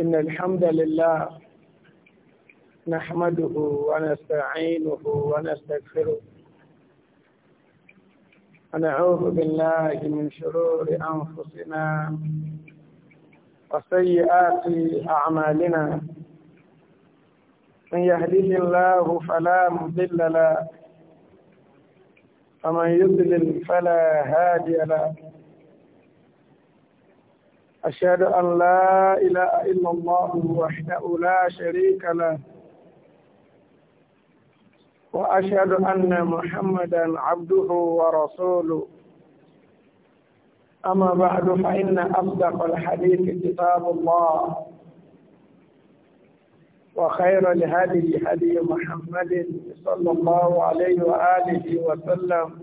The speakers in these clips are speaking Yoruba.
إن الحمد لله نحمده ونستعينه ونستغفره ونعوذ بالله من شرور أنفسنا وسيئات أعمالنا من يهديه الله فلا مضل له ومن يضلل فلا هادي له أشهد أن لا إله إلا الله وحده لا شريك له وأشهد أن محمدا عبده ورسوله أما بعد فإن أصدق الحديث كتاب الله وخير الهدي هدي محمد صلى الله عليه وآله وسلم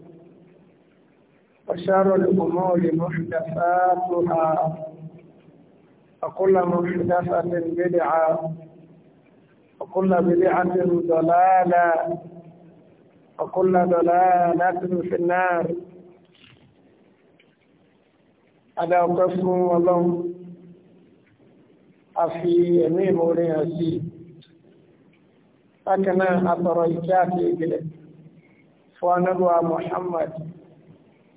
وشر الأمور محدثاتها وكل محدثة بدعة وكل بدعة ضلالة وكل ضلالة في النار هذا قسم والله أفي يمين مولي أسي أكنا أتريكاتي إليه فنبوى محمد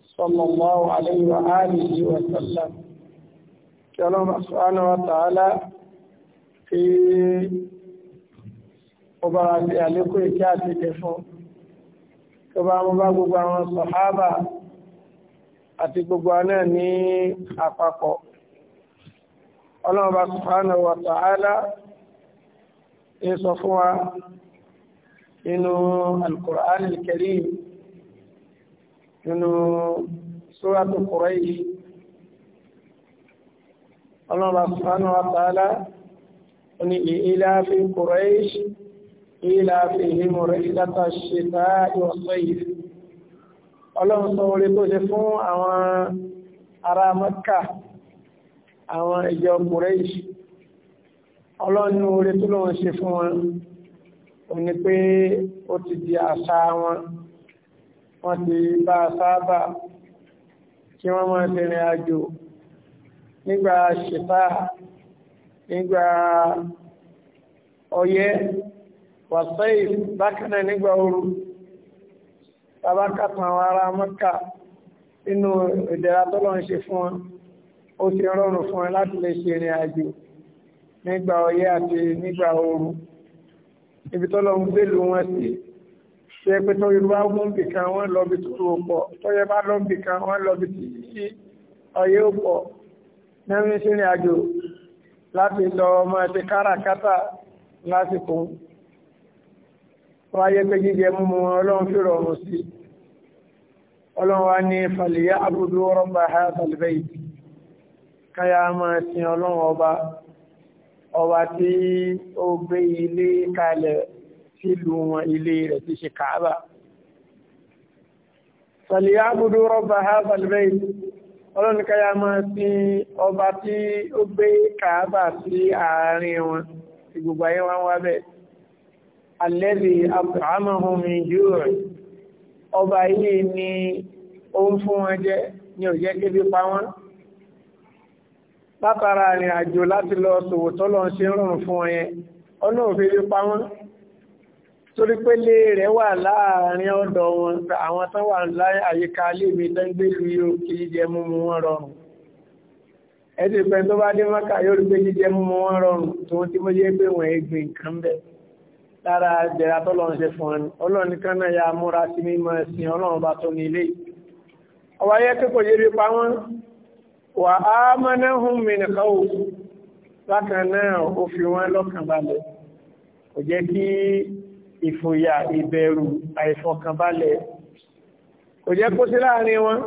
صلى الله عليه وآله وسلم kí ọlọ́run subhanahu wa ta'ala kí ó bá wa ṣe àlékún ìkẹ́ àti ìkẹ́ fún tó bá mú bá gbogbo àwọn sàhábà àti gbogbo àná ní àpapọ̀ ọlọ́run subhanahu wa ta'ala ń sọ fún wa nínú al-Qur'an al-Karim nínú Suratu ọlọ́run subhanahu wa ta'ala ní ilafi Quraysh ilafi himore ìdáta ṣètà ìwọ̀sọ̀ yìí ọlọ́run sọ orí tó ṣe fún àwọn ará Mẹ́kà àwọn ìjọ Quraysh ọlọ́run orí tó lọ́wọ́n ṣe fún wọn ò ní pé ó ti di àṣà wọn wọ́n ti bá a sábà kí wọ́n máa tẹ̀rìn àjò nígbà ṣèfà nígbà ọyẹ́ wàsáì bákanáà nígbà ooru bàbá kàtàn àwọn ará mọ́kà nínú ìdẹ̀ra tó lọ́n ṣe fún wọn ó ti rọrùn fún wọn láti lè ṣe ìrìn àjò nígbà ọyẹ́ àti nígbà ooru ibi tó lọ́n gbèlú wọn sí ṣe pé tó yorùbá mú bìkan wọn lọ bí tó rò pọ̀ tó bá lọ bìkan wọn lọ bí tí ọyẹ́ ò pọ̀ nẹ́rin sí ní àjò láti lọ ọmọ ẹ̀tẹ́ káràkátà lásìkò wáyé pé jíjẹ múmu ọlọ́run fi rọrùn sí ọlọ́run wá ní fàlìyà àbúdó rọ́bà ha sàlìbẹ̀ yìí káyà máa sin ọlọ́run ọba ọba tí ó gbé ilé kalẹ̀ sílùú wọn ilé rẹ̀ ti ṣe kàábà fàlìyà àbúdó rọ́bà ha yìí ọlọ́nikẹ́yà máa fi ọba tí ó gbé kàábà sí àárín wọn ti gbogbo ayé wọn wá bẹ́ẹ̀. alẹ́bí abdulhamahumi jùlọ ọba yìí ni ó ń fún wọn jẹ ní òjẹ́ kébi pa wọn látara ìrìn àjò láti lọ sòwò tọ́lọ́ ṣe ń rọrùn fún wọn yẹn ọlọ́run fi pa wọn torí pé lé rẹ̀ wà láàrin ọ̀dọ̀ wọn àwọn tán wà láyé àyíká lémi lẹ́gbẹ̀lú yóò kí jíjẹ múmu wọn rọrùn ẹ̀sì pẹ́ tó bá dé mọ́kà yóò rí pé jíjẹ múmu wọn rọrùn tó ti mọ́ yé pé wọ́n gbìn nǹkan bẹ̀ lára jẹ̀rà tọ́lọ́run ṣe fún ẹni ọlọ́run nìkan náà ya múra sí mímọ́ ẹ̀sìn ọlọ́run bá tó ní ilé ọwọ́ ayé tó yé rí pa wọ́n wà á mọ́náhùn mi nìkan ò bákan náà ó fi wọ́n lọ́kàn balẹ̀ kò jẹ́ kí ìfòyà ìbẹ̀rù àìfọkànbalẹ̀ kò jẹ́ kó sí láàrin wọn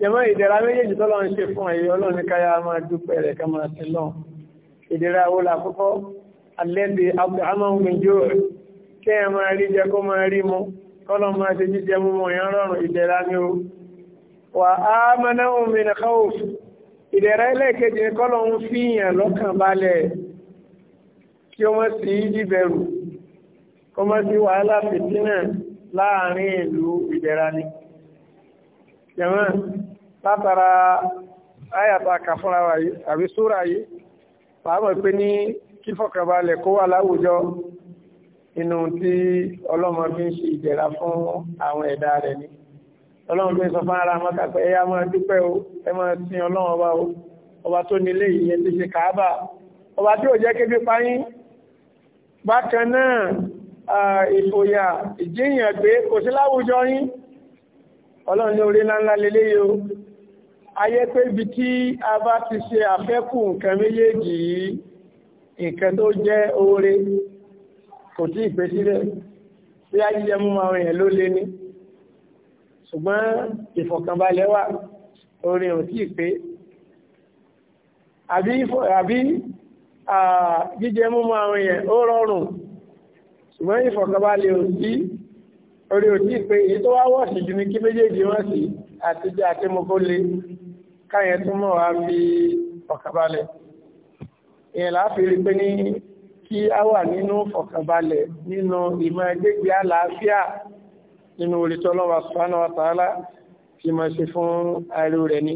jẹmọ́ ìdẹ̀ra méjèèjì tọ́lọ ń ṣe fún ẹ̀yẹ ọlọ́ni káyà máa dúpẹ́ rẹ̀ ká máa sí lọ ìdẹ̀ra wo làkọ́kọ́ alẹ́bí amáhùnmíjó rẹ̀ kí ẹ máa rí jẹ kó máa rí mu kọ́lọ́ máa ṣe jíjẹ mú mọ̀ yẹn rọrùn ìdẹ̀ra ni o sí ìdíbẹ̀rù kọmọ́ sí wàhálà fìtínà láàrin ìlú ìdẹ̀ra ni jẹ́mọ́ látara ayàta kàfúnra wáyé àbí súra yìí pàápàá pé ní kífọ̀kàbalẹ̀ kó wà láwùjọ inú tí ọlọ́mọ fi ń ṣe ìdẹ̀ra fún àwọn ẹ̀dá rẹ̀ ni ọlọ́run fi ń sọ fún ara mọ́ta pé ẹ̀yà máa dúpẹ́ o ẹ máa sin ọlọ́run ọba o ọba tó nílé ìyẹn ti ṣe kàábà ọba tí ò jẹ́ kébí payín bákan náà ìfòyà ìjíyàn gbé kò sí láwùjọ yín ọlọ́run ní orí ńláńlá lélẹ́ yìí o ayé pé ibi tí a bá ti ṣe àfẹ́kù nǹkan méjèèjì yìí nǹkan tó jẹ́ oore kò tí ì pé sílẹ̀ bí a jíjẹ mú àwọn èèyàn ló lé ní ṣùgbọ́n ìfọ̀kànbalẹ̀ wà orin ò tí ì àbí jíjẹ mú àwọn èèyàn ó rọrùn ṣùgbọ́n ìfọ̀kànbalẹ̀ ò sí orí òtí pé èyí tó wá wọ̀sì jù ní kí méjèèjì wọ́n sí àti jẹ́ àti mo kó le káyẹn tó mọ̀ wá fi fọ̀kànbalẹ̀ ìyẹn láàfin rí pé ní kí á wà nínú fọ̀kànbalẹ̀ nínú ìmọ̀ ẹgbẹ́gbẹ́ àlàáfíà nínú olùtọ́ lọ́wọ́ subhanahu wa ta'ala fi máa ṣe fún àìrò rẹ̀ ni.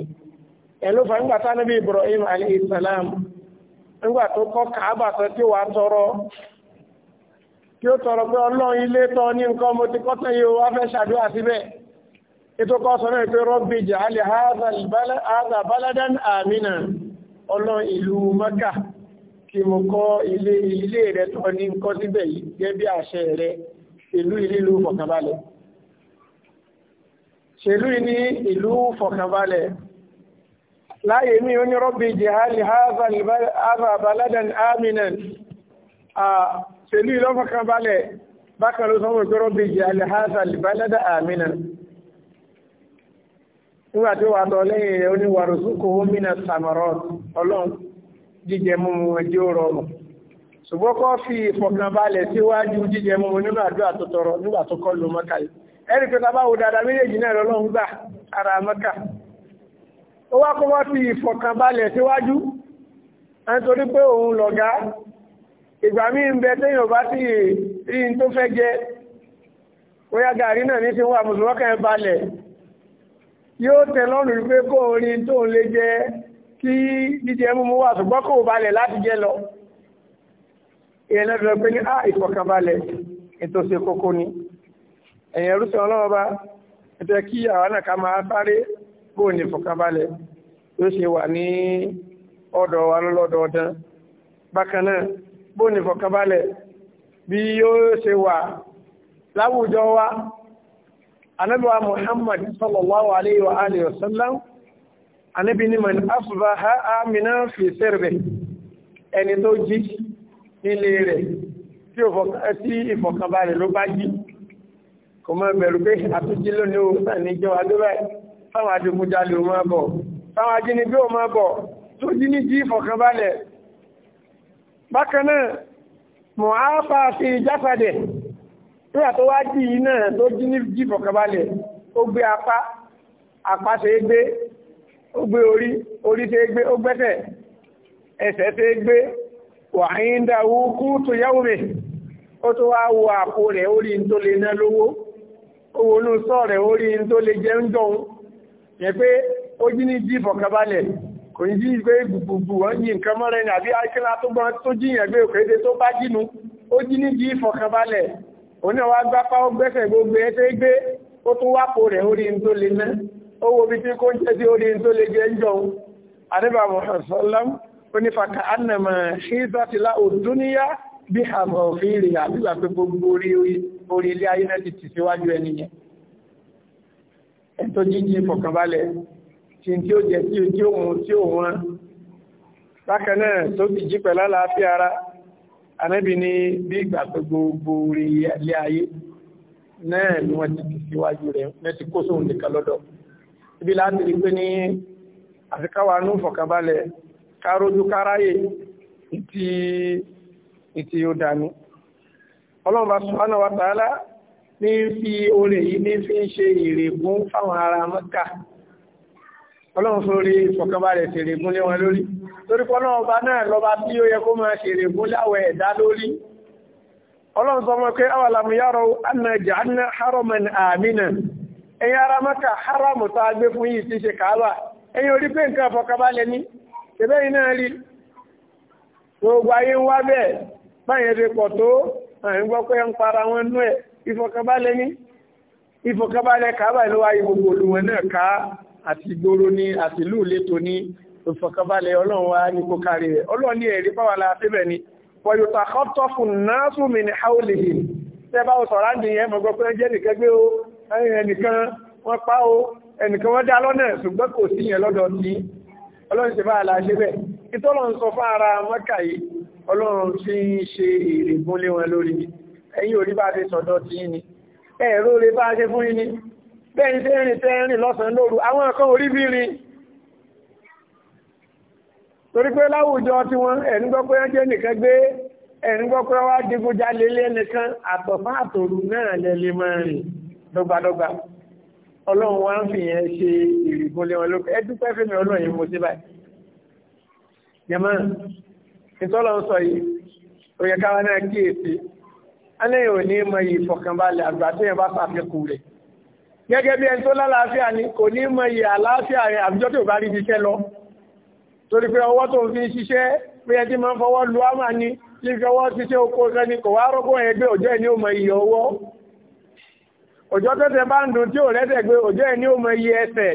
ẹ̀ ló fa nígbà tá níbi Ibrahim alayhi salam nígbà tó kọ́ kàábà tó tí wàá tọrọ kí ó tọrọ pé ọlọ́run ilé tọ́ ní nǹkan mo ti kọ́tọ̀ yìí wá fẹ́ ṣàdúrà síbẹ̀ ètò kọ́ sọ náà pé rọ́bì ja'al hadha baladan amina ọlọ́run ìlú mọ́kà kí mo kọ́ ilé ilé rẹ̀ tọ́ ní nǹkan síbẹ̀ yìí gẹ́gẹ́ bí àṣẹ rẹ̀ ìlú ìlú fọ̀kànbalẹ̀ ṣèlú ní ìlú fọ̀kànbalẹ̀ láyé mi ó ní rọ́bì ja'al hadha baladan amina ṣèlú ìlọ́fọ̀kan balẹ̀ bákan ló sọ́wọ́ ìgbọ́rọ̀ bí jẹ́ alẹ́hásà lìbálẹ́dà àmìnà nígbà tí wàá tọ́ lẹ́yìn rẹ̀ oníwàrúsùkò homina samarọ́ ọlọ́run jíjẹ mímu ẹjẹ́ òrọ̀ ọ̀rọ̀ fi ìfọ̀kànbalẹ̀ síwájú jíjẹ mímu nínú àdúrà tó tọrọ nígbà tó kọ́ lu mọ́kà yìí ẹni pé tábà wo dáadáa méjèèjì náà lọ́lọ́run gbà ara mọ́kà ìgbà míì ń bẹ téèyàn bá sì rí n tó fẹ́ jẹ bóyá gàrí náà ní ti wà mùsùlùmọ́ kan balẹ̀ yóò tẹ lọ́rùn wípé kó orin tó ń lè jẹ kí jíjẹ múmú wà ṣùgbọ́n kò balẹ̀ láti jẹ lọ ìyẹn lọ́dún pé ní á ah, ìfọ̀kànbalẹ̀ ètò ṣe kókó ni ẹ̀yìn ẹrúṣẹ́ ọlọ́wọ́ bá ẹ̀tẹ́ kí àwọn náà ká máa sáré bó ní ìfọ̀kànbalẹ̀ tó ṣe wà ní ọ̀dọ̀ wa lọ́dọọdún bákan náà bó ní fọ̀kànbalẹ̀ bí yóò ṣe wà láwùjọ wa anábíwa muhammad sallallahu alaihi wa alihi wasallam anábí ni man asbaha amina fi sirri ẹni tó jí nílé rẹ̀ tí ìfọ̀kànbalẹ̀ ló bá jí kò mọ́ bẹ̀rù pé àtújí lónìí ó sàn ní jẹ́ wa dúbẹ̀ fáwọn adigunjalè ó bọ̀ fáwọn ajínigbé ó bọ̀ tó jí ní jí ìfọ̀kànbalẹ̀ bákan náà mọ̀háfà fi jáfàdé nígbà tó wá dì í náà tó jí ní jí fọ̀kànbalẹ̀ ó gbé apá apá ṣe é gbé ó gbé orí orí ṣe é gbé ó gbẹ́sẹ̀ ẹsẹ̀ ṣe é gbé wàhíńdà wúkú tó yáwó mi ó tó wá wo àpò rẹ̀ orí tó lè ná lówó owó inú sọ́ọ̀rẹ̀ orí tó lè jẹ́ ń jọun yẹ pé ó jí ní jí fọ̀kànbalẹ̀ kò ní jí pé gbùgbùgbù wọ́n yí nǹkan mọ́rẹ́ ní àbí akílá tó gbọ́n tó jíyàn gbé òkèdè tó bá jínú ó jí ní jí ìfọ̀kànbalẹ̀ oní wa gbápá ó gbẹ́sẹ̀ gbogbo ẹ tó gbé ó tún wápò rẹ̀ orí n tó le ná ó wo bí tí kò ń jẹ́ sí orí n tó le jẹ́ ń jọun àdébà mọ̀sánlám ó ní fàkà ánàmà tí tí ó jẹ tí ó tí ó mú tí ó wọ́n bákan náà tó ti jí pẹ̀lá láàáfíà ara anábì ní bí ìgbà gbogbo orí ilé ayé náà ni wọ́n ti síwájú rẹ̀ náà ti kó sóhun nìkan lọ́dọ̀ ibi láti rí pé ní àfikáwà ní fọ̀kànbalẹ̀ kárójú káráyè ìtì ìtì ó dànù ọlọ́run bá subhanahu wa ta'ala ní fi orin yìí ní fi ń ṣe ìrègùn fáwọn ará Mẹ́kà ọlọ́run sórí ìfọ̀kànbalẹ̀ ṣèrè gúnlé wọn lórí torí pọ́nà ọba náà lọ́ba tí ó yẹ kó máa ṣèrè gúnlé àwọ̀ ẹ̀dá lórí ọlọ́run sọmọ pé awàlàmù yàrá anájà aná haraman àmìnà ẹ̀yìn ara mọ́ta haramu tó agbé fún yìí ti ṣe kàálà ẹ̀yìn orí pé nǹkan ìfọ̀kànbalẹ̀ ní ṣẹbẹ́ yìí náà rí gbogbo ayé wá bẹ́ẹ̀ báyẹn ti pọ̀ tó àyìn gbọ́ pé ń para wọn nú ẹ̀ ìfọ̀kànbalẹ̀ ní ìfọ̀kànbalẹ̀ kàá àti ìgboro ní àti ìlú ìletò ní ìfọ̀kànbalẹ̀ ọlọ́run wa ní kó kárí rẹ̀ ọlọ́run ní ẹ̀rí báwa la fẹ́ bẹ̀ ni wọ̀yọ̀tà kọ́tọ́fù náàsù mi ní haúlìhì tẹ́ bá o sọ̀rọ̀ àǹdí yẹn mọ̀gbọ́ pé ẹjẹ́ nìkan gbé o ẹnìkan wọ́n pa o ẹnìkan wọ́n dá lọ́nà ṣùgbọ́n kò sí yẹn lọ́dọ̀ sí ọlọ́run ṣe báwa la ṣe bẹ̀ ìtọ́lọ́run sọ fún ara mọ́kà yìí ọlọ́run fi ń ṣe èrè gúnlé wọn lórí ẹ̀yìn orí bá ti sọ̀dọ̀ sí ni ẹ̀rọ rẹ̀ bá ṣe fún yín ni bẹ́yìn tẹ́ rìn tẹ́ rìn lọ́sàn lóru àwọn kan orí bí rin torí pé láwùjọ tí wọ́n ẹ̀rí gbọ́ pé jẹ́ nìkan gbé ẹ̀rí gbọ́ pé wá digunjalè lé nìkan àtọ̀fán àtòrú náà lẹ́lẹ́ máa rìn dọ́gbadọ́gba ọlọ́run wá ń fìyẹn ṣe ìrìgúnlé wọn lókè ẹ dúpẹ́ fẹ́mi ọlọ́run yìí mo sí báyìí jẹ́mọ́ ìtọ́lọ́ sọ yìí ó yẹ káwa náà kíyèsí alẹ́ yìí ò ní mọ ìfọ̀kànbalẹ̀ àgbà tó yẹn bá fàfikù rẹ̀ gẹ́gẹ́ bí ẹni tó lálàáfíà ni kò ní mọ iye àlàáfíà rẹ̀ tí tó bá rí iṣẹ́ lọ torí pé ọwọ́ tó fi ṣiṣẹ́ pé máa lu ọwọ́ ṣiṣẹ́ oko rẹ̀ ni kò wá gbé òjò òmọ iye ọwọ́ òjò tẹ́tẹ́ bá ń dùn tí ò rẹ́tẹ̀ gbé òjò òmọ iye ẹsẹ̀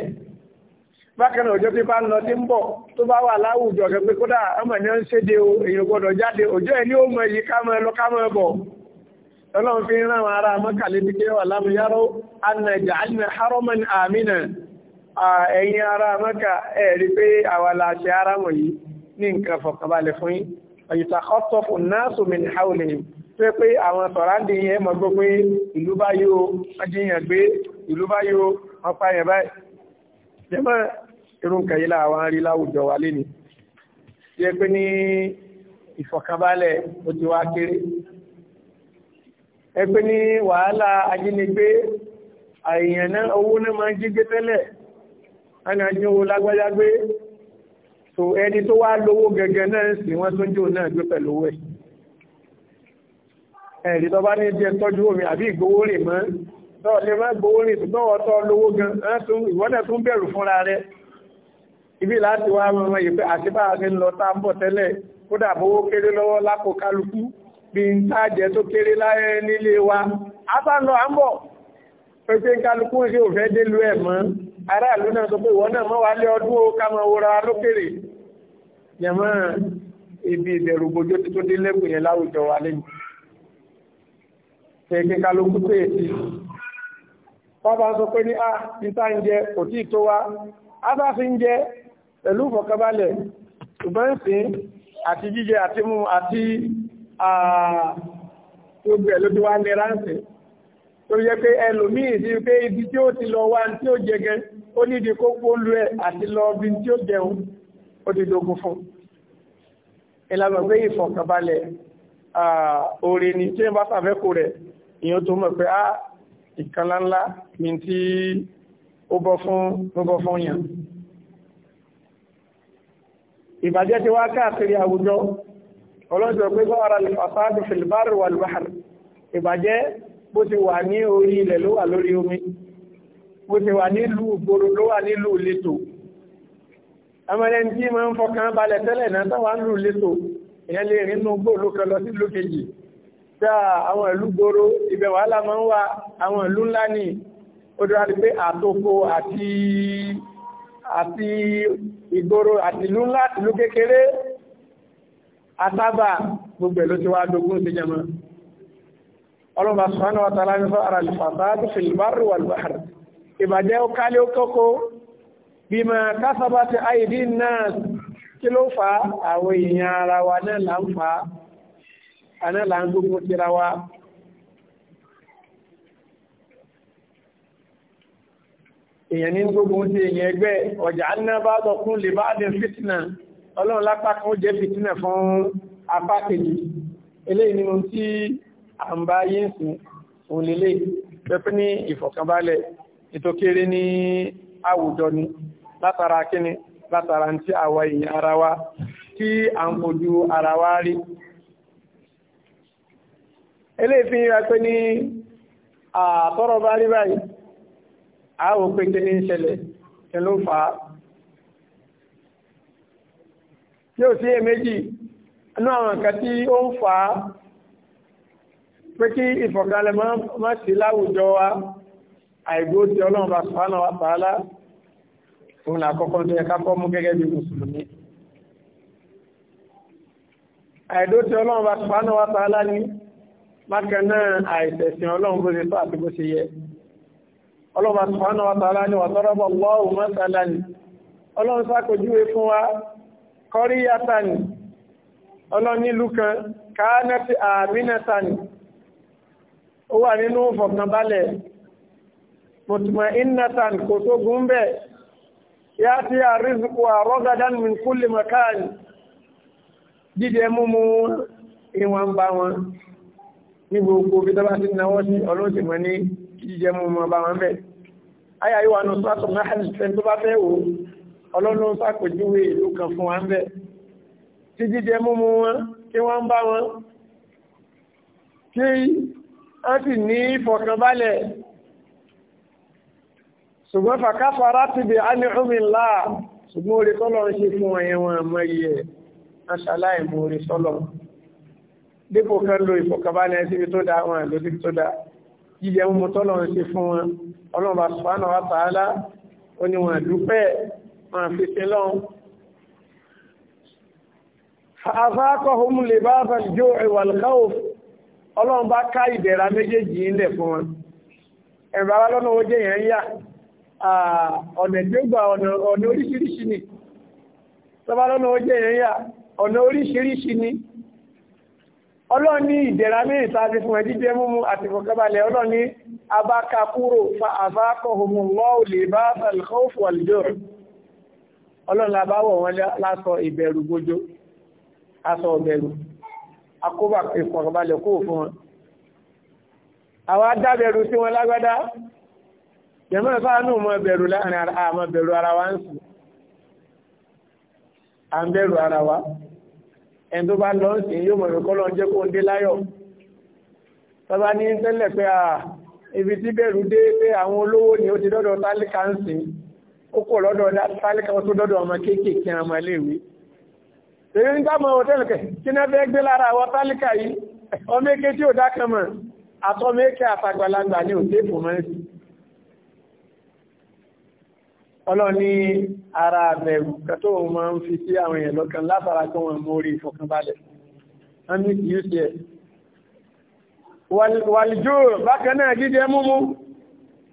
bákan òjò tí ń lọ sí ń bọ̀ tó bá wà láwùjọ pé kódà ọmọ ń o èèyàn òmọ iye ká mọ ẹ lọ ká ọlọ́run fi rán àwọn ará mọ́kàlẹ̀ bí kéwà lámúyáró anna ja'alna haraman amina ẹ̀yin ará mọ́kà ẹ̀rí pé àwàláṣẹ́ ara wọ̀nyí ní nǹkan fọ̀kànbalẹ̀ fún yín ọ̀yìtàkọ́tọ̀fù náàsù min haulihim pé pé àwọn sọ̀ráǹdì yẹn mọ̀ gbọ́ pé ìlú bá yóò ajíyàn gbé kéré ẹgbẹ́ ní wàhálà ajínigbé àìyàn náà owó náà máa ń jígbé tẹ́lẹ̀ anájúwò lágbájá so ẹni tó wá lówó gẹ́gẹ́ náà sì wọ́n tó jò náà gbé pẹ̀lú ẹ̀ ẹ̀rí tó bá ní jẹ tọ́jú omi àbí ìgbówó rè mọ́ tọ́ lè má gbówó rè ṣùgbọ́n tọ́ lówó gan ìwọ́dẹ̀ tún bẹ̀rù fúnra rẹ̀ ibi láti wá mọ́ ìpẹ́ àti bá a ti ń lọ tá ń bọ̀ tẹ́lẹ̀ kódà bówó kéré lọ́wọ́ lápò kálukú bí n tájẹ tó kéré láyé nílé wa afánà àmbọ̀ pẹ̀pẹ́ kálukú sí òfẹ́ délú ẹ̀ mọ́ aráàlú náà sọ pé ìwọ náà mọ́ wálé ọdún ó ká máa wọra lókèrè yẹmọ́ ibi ìbẹ̀rù gbójó tó dé lẹ́kùn yẹn láwùjọ wa lẹ́yìn pẹ̀pẹ́ kálukú pé èsì bàbá sọ pé ní a níta ń jẹ kò tí tó wa asáfi ń jẹ pẹ̀lú ìfọ̀kànbalẹ̀ ṣùgbọ́n sí àti jíjẹ àti mú àti gbogbo ẹ̀ ló ti wá ní ránṣẹ́ tó yẹ pé ẹlòmíì sí pé ibi tí ó ti lọ wá tí ó jẹ gẹ ó nídìí kó pólú ẹ àti lọ bí tí ó jẹun ó ti dogun fún ìlànà pé ìfọ̀kànbalẹ̀ oore ni tí wọ́n bá sàfẹ́kù rẹ̀ ìyẹn tó mọ̀ pé á ìkànlá ńlá ní tí ó bọ́ fún ó bọ́ fún yàn ìbàjẹ́ ti wá káàkiri àwùjọ ọlọ́sọ̀ pé sọ́wọ́ra fasadu fil barri wal bahr ìbàjẹ́ bó ti wà ní orí ilẹ̀ ló wà lórí omi bó ti wà nílùú ìgboro ló wà nílùú ìletò amẹ́rẹ́ tí ma ń fọkàn balẹ̀ tẹ́lẹ̀ náà táwà ń lù ìyẹn lè rí inú gbòòlù kan lọ sí ìlú kejì tá àwọn ìlú gbòòrò ibẹ̀ wàhálà máa ń wà àwọn ìlú ńlá ní odò pé àtòkò àti ìgboro àti ìlú ńlá ìlú kékeré atábà gbogbo ẹ̀ ló ti wá dógún sí jẹmọ́ ọlọ́mà sọ́nà wata lámífọ́ ara alfàtàdù fìlbárù wàlbáhàr ìbàjẹ́ ó kálé ó kókó bí ma kásábà ti àìdí náà kí ló fa àwọn èèyàn ara wa náà là ń fa àná là ń gbógun tira wa èèyàn ní gbógun ti èèyàn ẹgbẹ́ ọjà annábàdọ̀kún lè bá dín fitna ọlọ́run lápá kan ó jẹ́ fìtínà fún apá kejì eléyìí nínú tí à ń bá yé ń sìn òun lélẹ̀ pẹ́pẹ́ ní ìfọ̀kànbalẹ̀ ètò kéré ní àwùjọ ni látara kíni látara tí àwa èèyàn ara wa tí à ń fojú ara wa rí eléyìí fi yíra pé ní àtọ́rọ̀ bá rí báyìí àwọn òpin kí ní ń ṣẹlẹ̀ kí ló fà á tí ó sí èméjì inú àwọn nǹkan tí ó ń fà á pé kí ìfọ̀kànlẹ̀ má sí láwùjọ wa àìgbó tí ọlọ́run bá sọ́nà wa pàálá òun làkọ́kọ́ tó yẹ ká kọ́ mú gẹ́gẹ́ bí mùsùlùmí àìdó tí ọlọ́run bá sọ́nà wa pàálá ní bákan náà àìsẹ̀sìn ọlọ́run bó ṣe tó àti bó ṣe yẹ ọlọ́run bá sọ́nà wa pàálá ní wàtọ́rọ́bọ̀ lọ́wọ́ kọ́ríyátàní ọlọ́nílú kan káánẹ́tì àmínátàní ó wà nínú fọ̀kànbalẹ̀ mọ̀tùmọ̀ innatan kò tó gún bẹ́ yá tí a rízùkú a rọ́gádán min kulli makáàni jíjẹ múmú ìwọ̀n bá wọn ní gbogbo bí tọ́bá ti náwọ́ sí ọlọ́sì mọ̀ ní jíjẹ múmú bá wọn bẹ́ ọlọ́run sàpèjúwe ìlú kan fún wa ń bẹ̀ tí jíjẹ múmú wọn kí wọ́n ń bá wọn kí a sì ní ìfọ̀kànbalẹ̀ ṣùgbọ́n fàkáfàrá ti bè á ní ọmọlá ṣùgbọ́n orí tọ́lọ̀ ń ṣe fún ẹyẹ wọn mọ́ iye aṣàláì mú orí tọ́lọ̀ dípò kan lo ìfọ̀kànbalẹ̀ síbi tó dáa wọn lórí tó dáa jíjẹ múmú tọ́lọ̀ ń ṣe fún wọn ọlọ́run bá sùpánà wa tààlà ó ní wọn dúpẹ́ máa fi ṣe lọ́wọ́. Fa'afákọ̀hún lè bá bá jó ìwàlùkáwò ọlọ́run bá ká ìdẹ̀ra méjèèjì ilẹ̀ fún wọn. Ẹ̀rọ ara lọ́nà owó jẹ́ yẹn yà, ọ̀nà tí ó gba ọ̀nà oríṣiríṣi ni. Tọ́bá lọ́nà owó jẹ́ yẹn yà, ọ̀nà oríṣiríṣi ni. Ọlọ́run ní ìdẹ̀ra mẹ́rin tá a ti fún ẹ jíjẹ múmu àti ìfọ̀kẹ́balẹ̀ ọlọ́run ní abáka kúrò fa'afákọ̀hún lọ́ọ̀lẹ̀ bá bá ọlọ́run labáwọ̀ wọn lásọ ìbẹ̀rù gbójó aṣọ ọ̀bẹ̀rù akóbà ìfọ̀kànbalẹ̀ kó fún wọn àwọn adábẹ̀rù sí wọn lágbádá jẹ̀mọ́ ìfáànù mọ́ bẹ̀rù láàrin àmọ́ bẹ̀rù ara wa ń sùn à ń bẹ̀rù ara wa ẹni tó bá lọ ibi tí bẹ̀rù dé pé àwọn olówó ni ó ti dọ́dọ̀ tálíkà ń sìn kókó lọ́dọ̀ tálíkà tó dọ́dọ̀ ọmọ kéékèèké ọmọ iléèwé èyí ń dámọ̀ hòtẹ́lì kẹ̀ kí náà fẹ́ gbé lára àwọn tálíkà yìí ọmọ èké tí ò dákan mọ̀ àtọ́mọ èké àtàgbàlagbà ní òtẹ́ẹ̀fù mọ́ sí ọlọ́ni ara àbẹ̀rù kẹtọ́ máa ń fi sí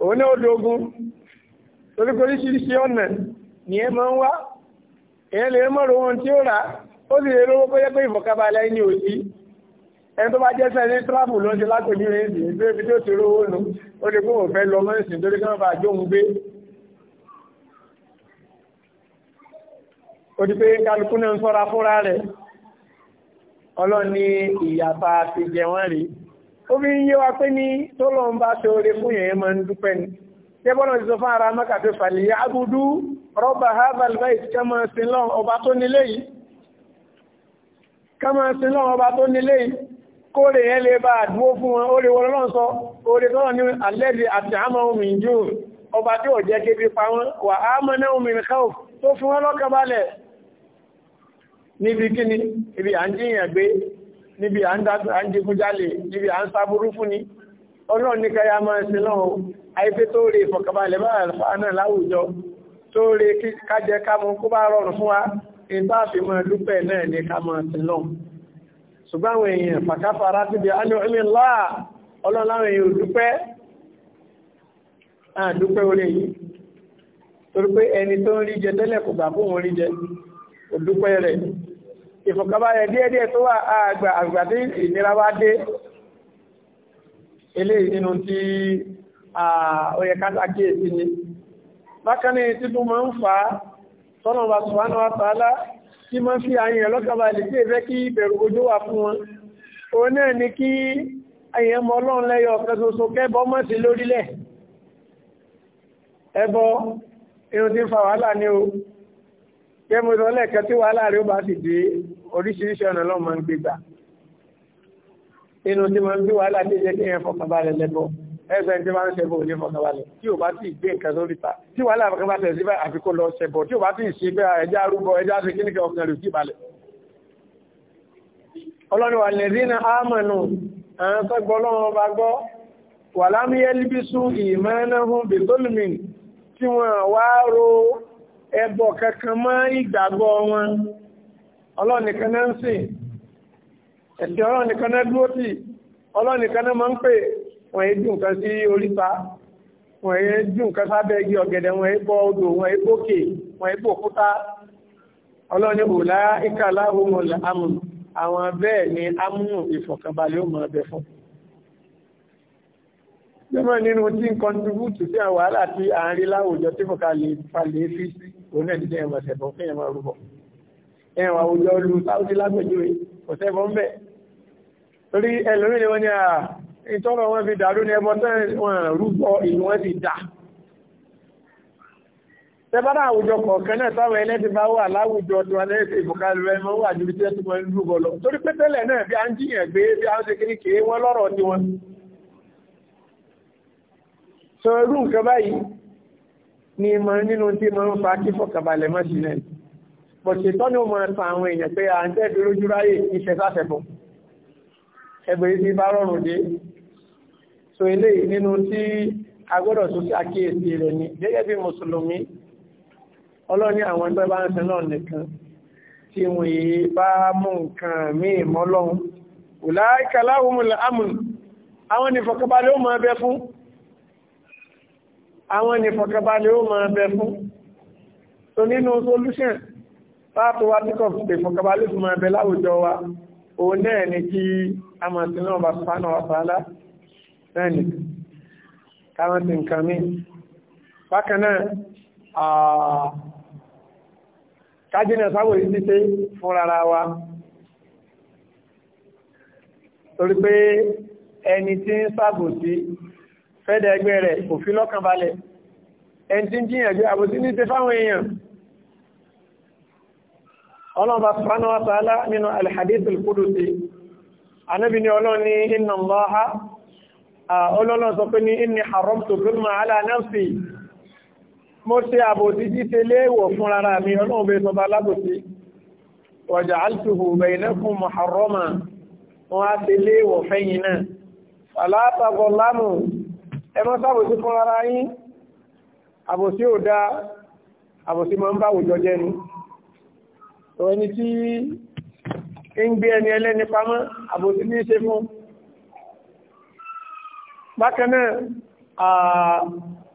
àwọn torí oríṣiríṣi ọ̀nà ni ẹ máa ń wá èèyàn lè mọ̀rọ̀ ohun tí ó rà ó sì lè lówó pé pé ìfọ̀kàbalẹ̀ ní òsì ẹni tó bá jẹ́ sẹ́ ní tíráàbù ló ń ṣe látòjú rẹ̀ sí ìgbé ibi tó ti rówó nu ó lè kóhùn fẹ́ lọ mọ́sìn torí kí wọ́n bá jó ń gbé ó di pé kálukú náà ń sọ́ra fúnra rẹ̀ ọlọ́run ní ìyàpá ti jẹ wọ́n rí ó fi ń yé wa pé ní tó lọ́n bá ṣe oore fún yẹn máa ń dúpẹ́ ni. Tẹ́bọ́nà ti sọ fún ara Mẹ́kà pé fàlìyà abúdú, rọ́bà Harvard Bait, kẹmọ̀ sílọ́n ọba tó nílé yìí. Kẹmọ̀ sílọ́n ọba tó nílé yìí, kó lè yẹn lè bá àdúgbò fún wọn, ó lè wọ́n lọ́n sọ, ó lè tọ́rọ ní àlẹ́dì àti àmọ́ omi jù, Níbi kíni, ibi à ń jíyàn gbé, níbi à ń digunjalè, níbi à ń saburú fún ni, ọlọ́run ní máa ń sílọ́run àìfẹ́ tó rí ìfọ̀kànbalẹ̀ bá àlùfáà náà láwùjọ tó rí kájẹ kámọ kó bá rọrùn fún wa ìbá fi mọ́ dúpẹ́ náà ní kámọ sílọ́m ṣùgbọ́n àwọn èèyàn fàkáfàrá ti di ánú ẹ̀mí ńlá ọlọ́run láwọn èèyàn dúpẹ́ àdúpẹ́ orí yìí torí pé ẹni tó ń rí jẹ òyẹ ah, káàkiri ni bákaní títú ma ń fa tọ́nà bá sùwánà tí ma fi àyẹ̀ lọ́kàbà lè tí ìfẹ́ kí ìbẹ̀rù ojú wà fún wọn o náà ni kí àyẹ̀ mọ́ ọlọ́run lẹ́yọ ọ̀kan ṣoṣo kẹ́bọ mọ́ sí lórílẹ̀ ẹbọ irun tí ń fa wàhálà ní o kẹ́mọ́tọ́ lẹ́ẹ̀kẹ́ tí wàhálà rí ó bá sì dé oríṣiríṣi ọ̀nà lọ́mọ ń gbégbà inú tí ma ń gbé wàhálà tí ìjẹ́ kí ẹ̀yẹn fọkànbalẹ̀ lẹ́bọ̀ọ́ ẹgbẹ́ ní máa ń ṣẹbọ òní fọkànbalẹ̀ tí o bá ti gbé nǹkan sórí ta tí wàhálà kankan bá tẹ̀sí bá àfikún lọ ṣẹbọ tí o bá ti ṣe bá ẹja arúgbó ẹja ṣe kíníkẹ ọkàn rẹ̀ ò tí balẹ̀. ọlọ́ni wà lẹ́dí ní àmọ̀nù àwọn sọ́gbọ́ ọlọ́run bá gbọ́ wà lámúyẹ́ líbísú ìmọ̀ẹ́nàhún bìtólùmí tí wọ́n wá ro ẹbọ kankan mọ́ ìgbàgbọ́ wọn ọlọ́nìkan náà ń sìn ẹ̀sìn ọlọ́nìkan náà dúró tì ọlọ́nìkan náà máa ń pè wọ́n yé dùn kan sí oríta wọ́n yé dùn kan sábẹ́ igi ọ̀gẹ̀dẹ̀ wọ́n yé bọ́ odò wọ́n yé bókè wọ́n yé bòkúta ọlọ́ni òlá ìkàlá ohun àmù àwọn bẹ́ẹ̀ ni amúnù ìfọ̀kànbalẹ̀ ó máa bẹ fún. Jẹ́mọ̀ nínú tí ń kọntribútù sí àwọn wàhálà tí à ń rí láwùjọ tí kò kalẹ̀ falẹ̀ fi sí òun náà dídé ẹ̀mọ̀ ṣẹ̀bọ̀ fún ẹ̀mọ̀ rúbọ. Ẹ̀wọ̀n àwùjọ lu Sáúdí lágbèjúwe kò sẹ́bọ̀ ń bẹ̀. Torí ẹlòmíì ni wọ́n à ìtọ́rọ wọn fi dàrú ní ẹbọ tẹ́ wọn rúgbọ ìlú wọn ti dà tẹ́bára àwùjọ kọ̀ọ̀kan náà táwọn ẹlẹ́ti bá wà láwùjọ tó wọn lẹ́sẹ̀ ìbùkálẹ̀ rẹ̀ mọ́ wà níbi tí wọ́n ti mọ́ rúgbọ lọ torí pé tẹ́lẹ̀ náà bí a ń jiyàn gbé bí a ni mọ̀ nínú tí mọ̀ ń fa kí fọkàbalẹ̀ mọ́ sílẹ̀ bọ̀ṣẹ̀tọ́ ni ó mọ̀ ta àwọn èèyàn pé à ń tẹ́ so eléyìí nínú tí a gbọ́dọ̀ tó àkíyèsí rẹ̀ ni gẹ́gẹ́ bí mùsùlùmí ọlọ́ni àwọn ẹgbẹ́ bá ń sin náà nìkan tí wọ́n yìí bá mú nǹkan míì mọ́lọ́run ulaika lahumul amn àwọn nìfọ̀kàbalẹ̀ ó máa bẹ fún àwọn nìfọ̀kàbalẹ̀ ó máa bẹ fún so nínú solution pàtó wá tíkọ̀ ìfọ̀kàbalẹ̀ ó máa bẹ láwùjọ wa òun náà ni kí a máa sin náà bá sùpánà wà sáálá náà nì káwọn ti nǹkan mi bákan náà kájínà sáwòrí títẹ́ fún rárá wa torí pé ẹni tí ń ṣàbòsí fẹ́dẹ̀ ẹgbẹ́ rẹ̀ kò fi lọ́kàn balẹ̀ ẹni tí ń jíyànjú àbòsí ní tẹ fáwọn èèyàn ọlọ́ọ̀bá subhanahu nínú al-hadith al-qudusi anábì ni inna Allaha ọlọ́lọ́ sọ pé ní inni haramtu zulma ala nafsi mo ṣe àbòsí jíṣe léèwọ̀ fún rárá mi ọlọ́run bẹ́ẹ̀ sọba alábòsí wa ja'altuhu bainakum muharrama wọ́n á ṣe léèwọ̀ fẹ́yìn náà aláàtàgọ̀ lámù ẹmọ́ sábòsí fún ẹni tí ń gbé ẹni ẹlẹ́ni pamọ́ àbòsí ní ṣe fún bákan náà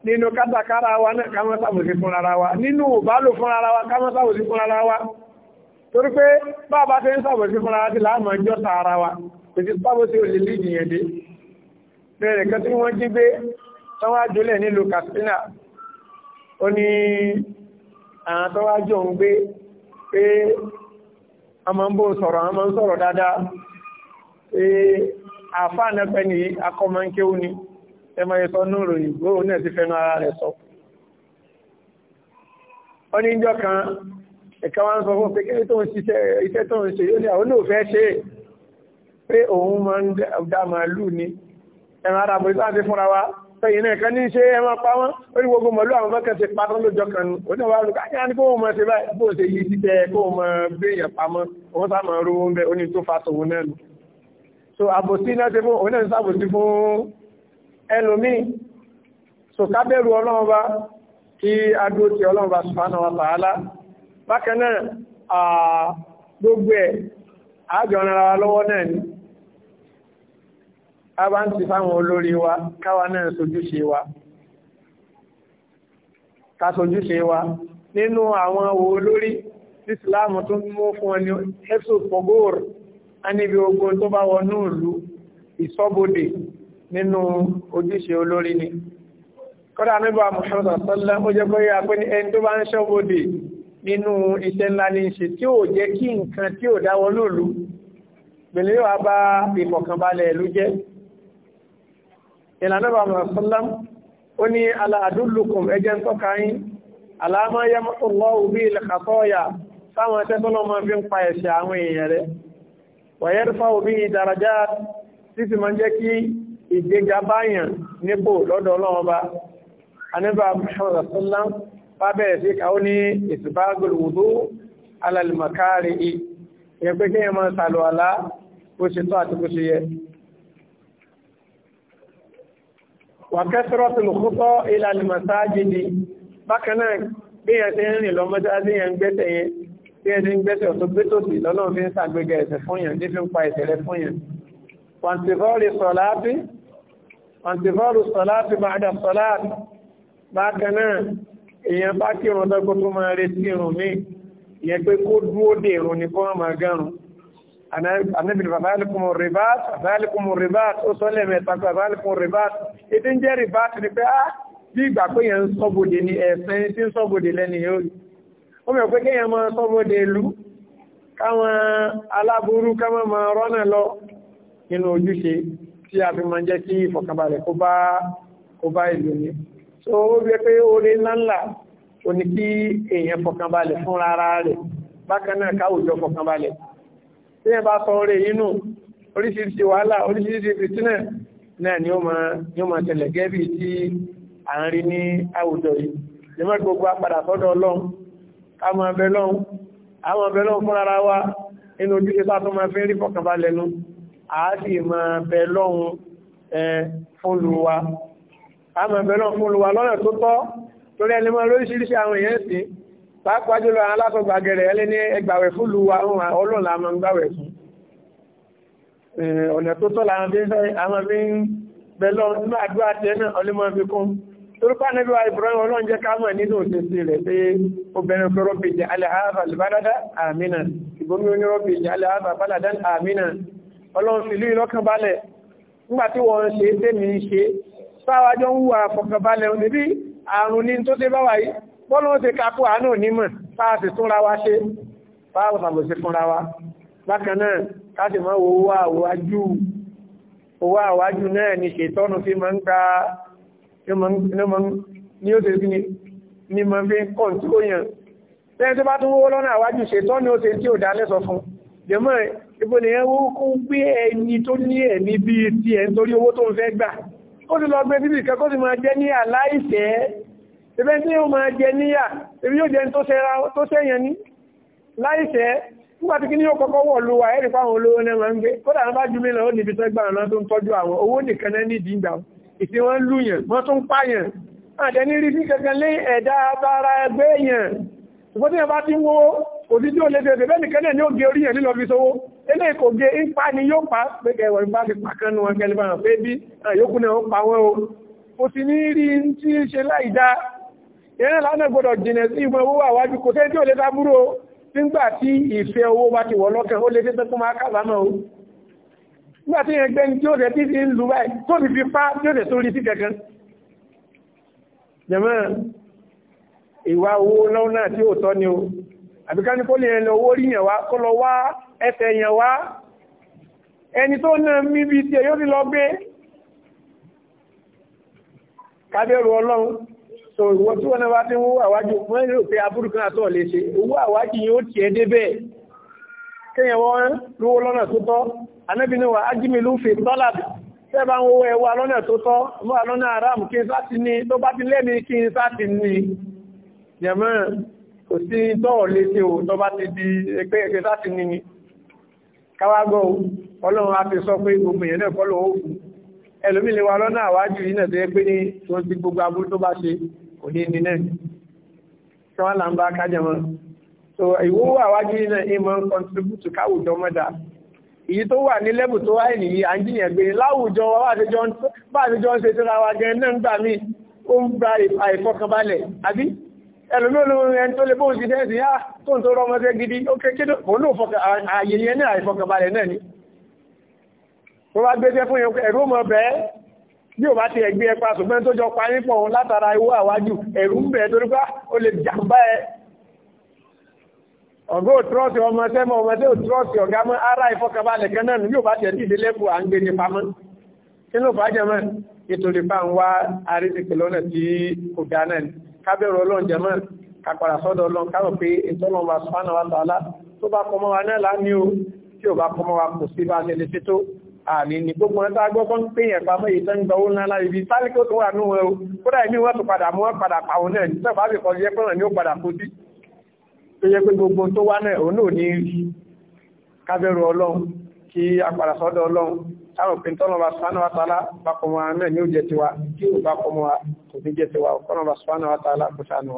nínú kátàkárà wa náà ká mọ́ sàbòsí fún ara wa nínú òbálò fún ara wa ká mọ́ sàbòsí fún ara wa torí pé bàbá tẹ́ ń sàbòsí fún ara ti láàmú ọjọ́ ta ara wa kò sí sàbòsí ò lè lè jìyàn dé bẹ̀rẹ̀ kan tí wọ́n jí gbé tọ́wọ́ nílùú Katsina ó ní àwọn tọ́wọ́ àfáànẹ́pẹ́ ni akọmọ́nkéwú ni ẹmọ ìsọ núrò ìgbó náà ti fẹ́nu ara rẹ̀ sọ ó ní ìjọ kan ẹ̀ka wá ń sọ fún pé kí tó ń ṣiṣẹ́ iṣẹ́ tó ń ṣe yóò ní àwọn olóòfẹ́ ṣe pé òun máa ń dá màálù ni ẹran ara bòrí láti fúnra wa pẹ̀yìn náà kan ní ṣe ẹran pa wọ́n ó ní gbogbo mọ̀lú àwọn mọ́kàn ti pa tán lójọ kan ó ní wàá lùkà yá ní kó mọ̀ ṣe báyìí bó ṣe yí títẹ kó mọ̀ gbéyàn pamọ́ òun sá mọ̀ rówó ń bẹ ó ní tó fa tòun náà so àbòsí náà ti fún òun náà sàbòsí fún ẹlòmíì so kábẹ̀rù ọlọ́run bá kí adó ti ọlọ́run bá subhanahu wa ta'ala bákan lọ́wọ́ náà ni a bá ń ti fáwọn olórí wa káwa náà sojúṣe wa ká sojúṣe wa nínú àwọn olórí Islam tó mú fún ẹni ẹ̀sùn fọ́góòrò a níbi ogun tó bá wọnú ìlú ìsọ́bodè nínú ojúṣe olórí ni kọ́dá nígbà mọ̀ṣọ́sọ̀ sọ́lá ó jẹ́ bóyá pé ní ẹni tó bá ń ṣọ́bodè nínú iṣẹ́ ńlá ní ṣe tí ó jẹ́ kí nǹkan tí ó dáwọ́ lòlú pẹ̀lú yóò bá ìfọ̀kànbalẹ̀ ìlú jẹ́ ìlànà bá mọ̀ṣọ́lá ó ní aláàdúlùkùn ẹjẹ́ ń tọ́ka yín aláàmọ́ yẹ́mọ́tò lọ́wọ́ bí ilẹ̀ kàtọ́ọ̀yà sáwọn ẹ̀tẹ́ tó lọ́mọ fi ń pa ẹ̀ṣẹ̀ àwọn èèyàn rẹ̀ wàyẹ́rìfà òbí ìdàrájá títí ma ń jẹ́ kí ìgbéga báyàn nípò lọ́dọ̀ ọlọ́run bá anábà Muhammad sallam bá bẹ̀rẹ̀ sí káwọ́ ní ìsìbágùn wùdú alàlùmọ̀kárì ì yẹ pé kéèyàn máa sàlù àlá bó ṣe tí ẹni gbẹ́sẹ̀ tó gbé tòsí lọ́lọ́run fi ń sàgbéga ẹ̀sẹ̀ fún yàn ní fi ń pa ìṣẹ̀lẹ̀ fún yàn pàǹtìfọ́ọ̀rì sọ̀láàtì pàǹtìfọ́ọ̀rì sọ̀láàtì bàdà sọ̀láàtì bákan náà èèyàn bá kírun lọ́gbọ́n tó máa retí irun míì ìyẹn pé kó dúó dè irun ni kó máa gárun anábìrì bàbáàlìkùn rìbáàt bàbáàlìkùn rìbáàt ó sọ lẹ́mẹ̀ta bàbáàlìkùn rìbáàt ètí ń jẹ́ rìbáàt ni pé á ah, bí ìgbà pé yẹn ń sọ́bòdè ni ẹ̀sìn tí ń sọ́bòdè lẹ́ni yóò rí mọ̀ pé kéèyàn máa sọ́mọ́dé ìlú káwọn aláburú káwọn máa rọ́nà lọ nínú ojúṣe tí a fi máa jẹ́ kí ìfọ̀kànbalẹ̀ kó bá ìlú ni so ó bí pé orí ńláńlá ó ní kí èèyàn fọ̀kànbalẹ̀ fún rárá rẹ̀ bákan náà káwùjọ fọ̀kànbalẹ̀ tí yẹn bá sọ orí inú oríṣiríṣi wàhálà oríṣiríṣi fìtínà gbogbo apàdà sọ́dọ̀ ọlọ́run káàmà abẹ́lọ́un àwọn abẹ́lọ́un fún ara wa inú ojúṣe sátó máa fi ń rí fọkànbalẹ̀ nu àásì máa bẹ̀lọ́un fún luwa káàmà abẹ́lọ́un fún luwa lọ́nà tó tọ́ torí ẹni mọ́ lóríṣiríṣi àwọn èèyàn sí pàápàá jùlọ àwọn gẹ̀rẹ̀ ẹlẹ́ ní ẹgbàwẹ̀ fún luwa la máa ń gbàwẹ̀ fún ọ̀nà tó tọ́ làwọn Torúkọ́ níbi wa Ibrahim Ọlọ́run jẹ́ ká mọ̀ nínú òṣèṣì rẹ̀ pé obìnrin pé rọ́bì jẹ́ aláhàbà albalada àmìnà. Ìbomi oní rọ́bì jẹ́ aláhàbà baladan àmìnà. Ọlọ́run fi lóyìn lọ́kàn balẹ̀. Nígbà tí wọ́n ṣe é tèmi ń ṣe, sáwájọ́ ń wà fọkànbalẹ̀ òní bí àrùn ní tó dé bá wáyé. Bọ́lọ́run ní ó ṣe bí ní mọ̀ fi kàn tí ó yàn lẹ́yìn tó bá tún wó lọ́nà àwájú ṣètọ́ ni ó ṣe tí ò dá lẹ́sọ̀ fún jẹ́mọ́ ibo nìyẹn wó kó gbé ẹni tó ní ẹ̀mí bí ti ẹ̀ nítorí owó tó ń fẹ́ gbà ó sì lọ gbé bíbí kẹ́kọ́ sì máa jẹ́ ní aláìsẹ́ ẹbẹ́ tí ó máa jẹ níyà èbí yóò jẹ́ tó sẹ́yẹn ní láìsẹ́ nígbàtí kí ní ó kọ́kọ́ wọ̀ lówà ẹ̀rì fáwọn olówó náà máa ń gbé kódà wọ́n bá jù mí lọ ó níbi tó gbà náà ìfẹ́ wọ́n lúyàn wọ́n tún páyàn àdẹ ní rí sí kẹ̀kẹ́ lé ẹ̀dá tààrà ẹgbẹ́ èèyàn ṣùgbọ́n tí wọ́n bá ti ń wówó òdí tí ó lè bẹ̀rẹ̀ bẹ́ẹ̀ nìkan náà ní ó gé orí yẹn nílọ fi sówó ilé kò gé ń pa ni yóò pa pé kẹwàá ìbá fi pàkán nu wọn kẹlẹ́ bá pé bí àyókù náà ó pa wọ́n o kò sì ní rí tí ń ṣe láì dá ìrìn lánà gbọdọ̀ jìnà sí ìmọ̀ owó àwájú kò tẹ́ tí ó lè nígbà tí yẹn gbẹ́ni tí ó rẹ̀ tí ti ń lu báyìí tó ti fi pa tí ó rẹ̀ tó rí sí kankan jẹ̀mọ́ ìwà owó lọ́wọ́ náà tí ó tọ́ ni o àbíká ní kó lè ẹ̀lọ owó rí yẹn wá kó lọ wá ẹsẹ̀ yẹn wá ẹni tó náà míbi tí ẹ yóò ti lọ gbé kábẹ́rù ọlọ́run so ìwọ tí wọ́n náà wá ti ń wó àwájú wọ́n lè pé kíyàn wọ́n lówó lọ́nà tó tọ́ anábìnúwà ajímìlú fi tọ́làbì tẹ́bà ń owó ẹwà lọ́nà tó tọ́ mọ́ àlọ́nà aráàmù kí n sáti ní tó bá ti lẹ́ni kí n sáti ní yẹ̀mọ́ kò sí tọ́ọ̀ lé tí o tọ́ bá ti di ẹgbẹ́ ẹgbẹ́ sáti ní ni káwágọ́ ọlọ́run a ti sọ pé gbogbo èèyàn náà kọ́lọ̀ òkú ẹlòmí lè wa lọ́nà àwájú yìí náà tó yẹ pé ní tí wọ́n ti gbogbo abúlé tó bá ṣe so ìwó wà wájú nínú ìmọ̀ contribute káwùjọ mọ́dá èyí tó wà ní lẹ́bù tó wáyé nìyí à ń jìyàn gbé láwùjọ wa bá àtijọ́ ń ṣe síra wa gan náà ń gbà mí ó ń gba àìfọkànbalẹ̀ àbí ẹlòmíolóhun ẹni tó lè bóun ti dẹ́sì yá tó ń tó rọmọdé gidi ni wọ́n bá gbéṣẹ́ fún yẹn ẹ̀rú mọ̀ bẹ́ẹ̀ bí o bá ti ẹgbẹ́ ẹpa ọ̀gá òtúrọ́sì ọmọ sẹ́mọ̀ ọmọ tẹ́ òtúrọ́sì ọ̀gá mọ́ ara ìfọkàbalẹ̀ kan náà yóò bá tẹ̀ sí ìdílẹ́kù à ń gbé ní pamọ́ kí ló fà á jẹ́ mọ́ nítorí bá ń wá àrísìkì lọ́nà tí kò dá náà kábẹ̀rù ọlọ́run jẹ́ mọ́ kàpàrà sọ́dọ̀ ọlọ́run káwọ̀ pé ìtọ́lọ́run wa sọ́nà wa tààlà tó bá kọmọ wa náà láàmì o tí ò bá kọmọ wa kò sí bá a lè ṣètò àmì ní gbogbo wọn tá a gbọ́ yẹn pamọ́ yìí tó ń gba owó ńlá láì bí sálíkò tó wà nù wọn o kódà ìmí wọn tó padà mú wọn padà pàwọn náà nígbà bá fi kọjú ẹgbẹ́ náà ni ó padà kó sí tó yẹ pé gbogbo tó wá náà òun náà ní kábẹ́rù ọlọ́run kí apàdà sọ́dọ̀ ọlọ́run táwọn òpin tọ́lọ́ba sùpánà wàtàlá bákọmọ wa náà ní ó tiwa kí ó bákọmọ wa kò tiwa ọkọ́nà wa sùpánà wàtàlá kò sànù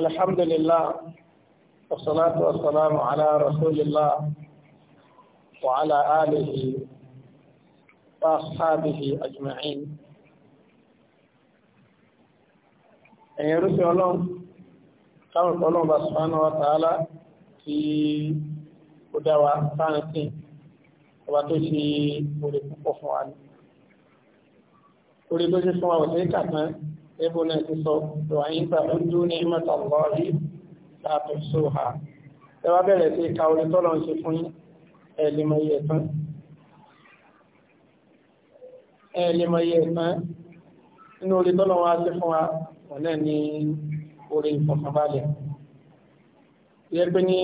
الحمد لله والصلاة والسلام على رسول الله وعلى آله وأصحابه أجمعين أن يرسل الله كما قال الله سبحانه وتعالى في قدوة ثانية وبتوشي ولكم قفوا عنه orí ló ṣe fún wa òṣèré kàtàn ẹbú náà ti sọ tó àyín tà ó dún ní mẹ́ta lọ́rí láàtọ̀ sóhà ẹ wá bẹ̀rẹ̀ sí ka orí tọ́lọ̀ ń ṣe fún ẹ̀lẹ́mọ̀yẹ ẹ̀tàn ẹ̀lẹ́mọ̀yẹ ẹ̀tàn nínú orí tọ́lọ̀ wa ṣe fún wa wọn náà ní orí ìfọ̀kànbalẹ̀ yẹ pé ní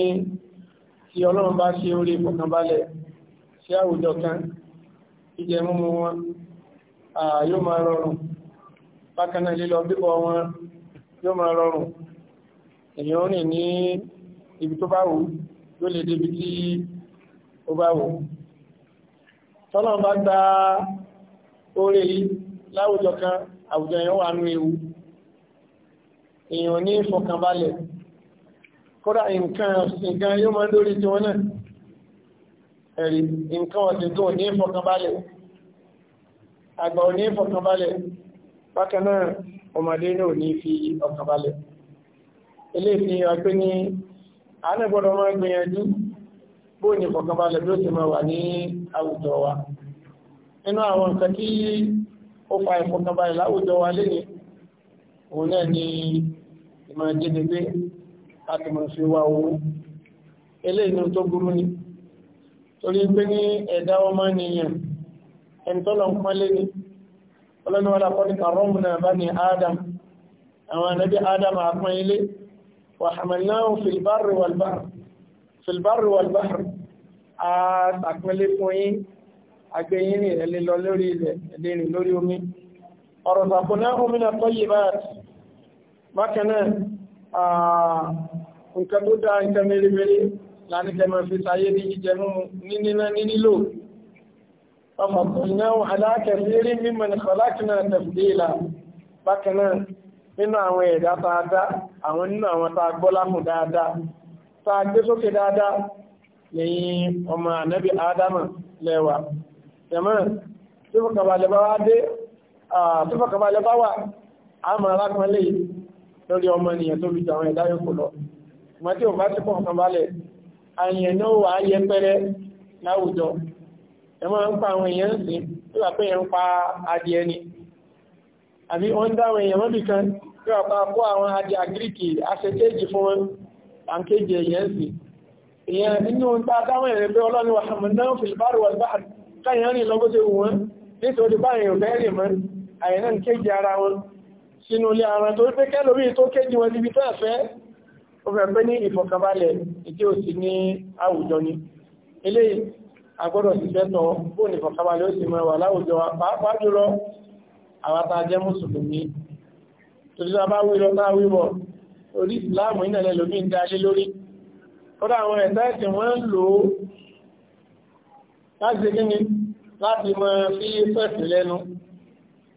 tí ọlọ́run bá ṣe orí ìfọ̀kànbalẹ̀ sí àwùjọ kan ìjẹ́ mímú wọn yóò máa rọrùn bákan náà lílọ bíbọ̀ wọn yóò máa rọrùn èyàn rìn ní ibi tó bá wù yóò lè débi tí ó bá wù tọ́lọ̀ bá gba oore yìí láwùjọ kan àwùjọ yẹn wà nú ewu èèyàn ní ìfọ̀kànbalẹ̀ kódà nǹkan nǹkan yóò máa lórí tiwọn náà ẹ̀rí nǹkan ọ̀sìn tó ní ìfọ̀kànbalẹ̀ àgbà ò ní fọkànbalẹ̀ bákan náà ọmọdé náà ní fi ọkànbalẹ̀ ilé fi ọgbẹ́ ní àánàgbọ́dọ̀ máa gbìyànjú bóò ní fọkànbalẹ̀ bí ó ti máa wà ní àwùjọ wa nínú àwọn nǹkan tí ó fa ìfọkànbalẹ̀ láwùjọ wa lè òun náà ni ìmọ̀ ìjẹ́gbẹ́gbé láti ni ẹ̀ntọ́lọ̀ ń pọ́n lérí ọlọ́niwọ́lá kọ́díkà rọ́mùnà bá adam àwọn anábí adam àpọn ilé wà hàmàláhùn fìlbárì wàlbáhùn àtàpínlé fún yí agbẹ̀yìn ní ẹ̀lẹ́ lọ lórí ilẹ̀ ẹ̀lẹ́rìn lórí omi ọ̀rọ̀ sàkóná omínà tọ́yì bákanáà nǹkan tó dáa nǹkan mẹ́rẹ̀mẹ́rẹ̀ lánìkẹ́ mọ́ fi sáyé ní jíjẹ mú ní ففضلناه على كثير ممن خلقنا تفضيلا bákan náà nínú àwọn ẹ̀dá tààdá àwọn nínú àwọn tàà gbọ́lámù dáadáa tàà gbé sókè dáadáa lẹ́yìn ọmọ ànábì adama lẹ́wà yàmọ́ tífọ̀kàbalẹ̀ bá wà àmà alákùnlẹ̀ lórí ọmọ ènìyàn tó bí àwọn ẹ̀dá yóò lọ mọ́ tí ò bá tífọ̀kàbalẹ̀ àyẹ̀nà wà ayẹpẹrẹ láwùjọ ẹ máa ń pa àwọn èèyàn sí tó wà pé ń pa adìẹ ni àbí wọ́n ń dáwọn èèyàn mọ́bì kan tó wà pa kó àwọn adìẹ agíríkì aṣetéjì fún wọn àǹkéjì èèyàn sí èèyàn nínú ta dáwọn èèyàn pé ọlọ́run wà hàmùdáwọn fìlbárù wà bá káyàn ní àwùjọ ni eléyìí agbọ́dọ̀ ṣiṣẹ́ tọ́ bó ní kọ̀kọ́balẹ̀ ó sì mọ́ ẹwà láwùjọ pàápàá jùlọ àwátá jẹ́ mùsùlùmí torí bá wí lọ náà wíwọ̀ orí ìsìláàmù ìnàlẹ̀ lómi ń dalé lórí kódà àwọn ẹ̀dá ni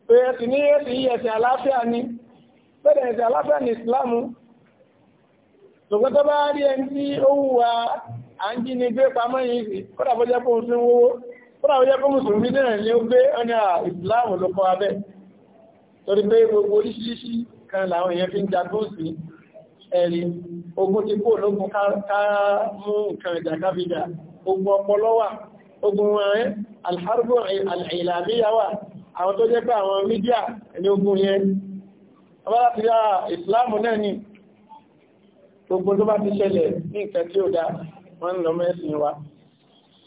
bẹ́ẹ̀ ẹ̀sìn ni ìsìláàmù ṣùgbọ́n tó bá rí ẹni tí ó wù à ń jí ni gbé pamọ́ yìí sí kódà bó jẹ́ fún sí wówó kódà bó jẹ́ fún mùsùlùmí náà ni ó gbé ọ̀nà ìsìláàmù ló kọ́ abẹ́ torí pé gbogbo oríṣiríṣi kan làwọn èèyàn fi ń jagun sí ẹ̀rí ogun ti kó lógun ká mú nǹkan ìjà kábíjà ogun ọpọlọ wà ogun ẹ̀rẹ́ alhárùbù ìlàmíyà wà àwọn tó jẹ́ pé àwọn mídíà ní ogun yẹn ọbára ìsìláàmù náà ni gbogbo tó bá ti ṣẹlẹ̀ ní nǹkan tí ó dáa wọ́n ń lọ mẹ́sìn wa